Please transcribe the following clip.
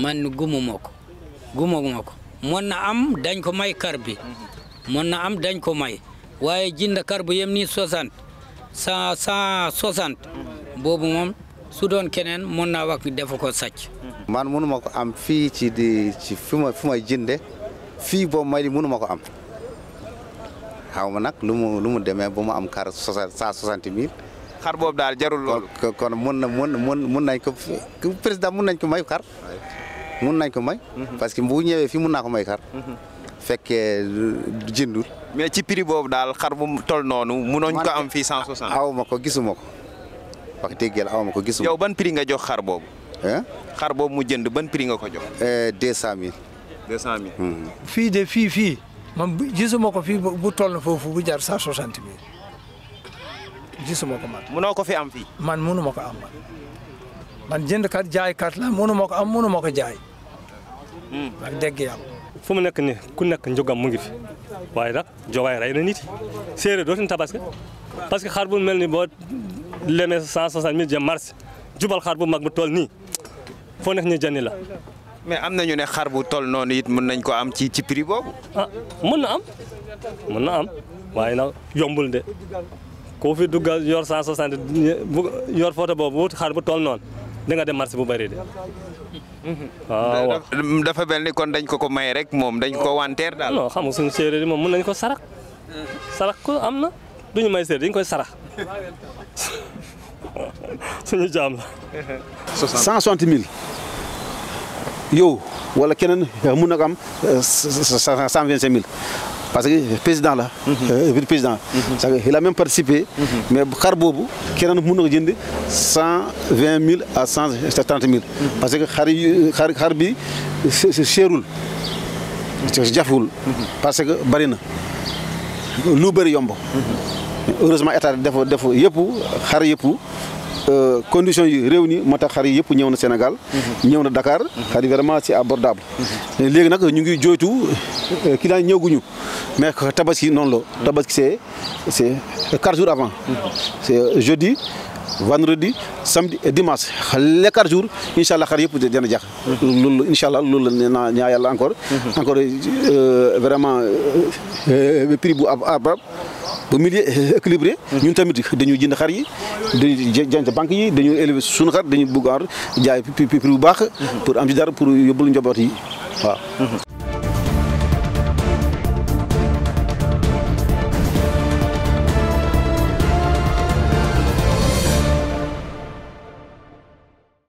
man gumuma ko gumuma ko mën na am dañ ko may kar bi mën na am dañ ko may waaye jinda kar bu yem ni soixante cent cent soixante boobu moom su doon keneen mën naa wax ni dafa ko sàcc man mënuma ko am fii ci di ci fi ma fi ma jënde fii boobu may li mënuma ko am xaw ma nag lu mu lu mu demee ba mu am kar soixante cent soixante mille xar boobu daal jarul loolu kon mën na mën mën mën nañ ko président mën nañ ko may kar mun nañ ko may mhm. parce que bu ñëwé fi mun naa ko may xar mhm. fekkee jëndul mais ci prix bobu dal xar bu tol noonu munoñ ko am fi 160 aw ma ko wax déggel yàlla aw ma ko yow ban prix nga jox xar bobu hein xar bobu mu jënd ban prix nga ko jox euh 200000 200000 fi de fi fi man gisumako fi bu toll fofu bu jar 160000 gisumako man munoo ko fi am fi man munuma am man jënd kat jaay kat la munuma am munuma jaay wax dëgg yàlla. fu mu nekk nii ku nekk njogam mu ngi fi waaye nag jogaay rey na nit yi séeréer dootuñu tabaski parce que xar bu mel ni boo lemee cent soixante mille jëm mars jubal xar bu mag bu toll nii foo nekk ñu jëndi la. mais am na ñu ne xar bu toll noonu it mën nañ ko am ci ci prix boobu. ah mën na am mën na am waaye nag yombul de koo fi duggal yor cent soixante yor photo boobu xar bu toll noonu. di nga dem marché bu bari de dafa mel ni kon dañ ko ko may rek moom dañ ko wanteer daal non xam nga suñu séeréer yi moom mën nañ ko sarax sarax ko am na duñu may séeréer dañ koy sarax suñu jaam la 160 000 wala keneen am parce que mhm. euh, le président là, mhm. il a même participé, mhm. mais Karbobu, qui est 120 000 à 130 000, parce que Karbi, c'est Cherul, c'est Djafoul, parce que Barina, Louberi c'est Mm -hmm. Heureusement, l'État a fait tout, tout, tout, Euh, conditions yi réunies moo tax xar yi yëpp ñëw na Sénégal. ñëw na Dakar. xar yi vraiment c'est abordable. Mhm. léegi nag ñu ngi jooytu euh, client yi ñëwaguñu mais tabaski noonu la. tabaski c'est c'est quatre jours avant. Mhm. c'est jeudi. vendredi samedi et dimanche les quatre jours incha allah xar yëpp dina jax mhm. loolu incha allah loolu la nee naa encore. encore euh, vraiment prix bu ab ba milieu équilibré. Mm-hmm. ñun tamit dañuy jënd xar yi dañuy jënd banque yi dañuy élever suñu xar dañuy bugg a jaay prix bu baax. Mm-hmm. pour am dara pour yóbbul njaboot yi waa mm-hmm.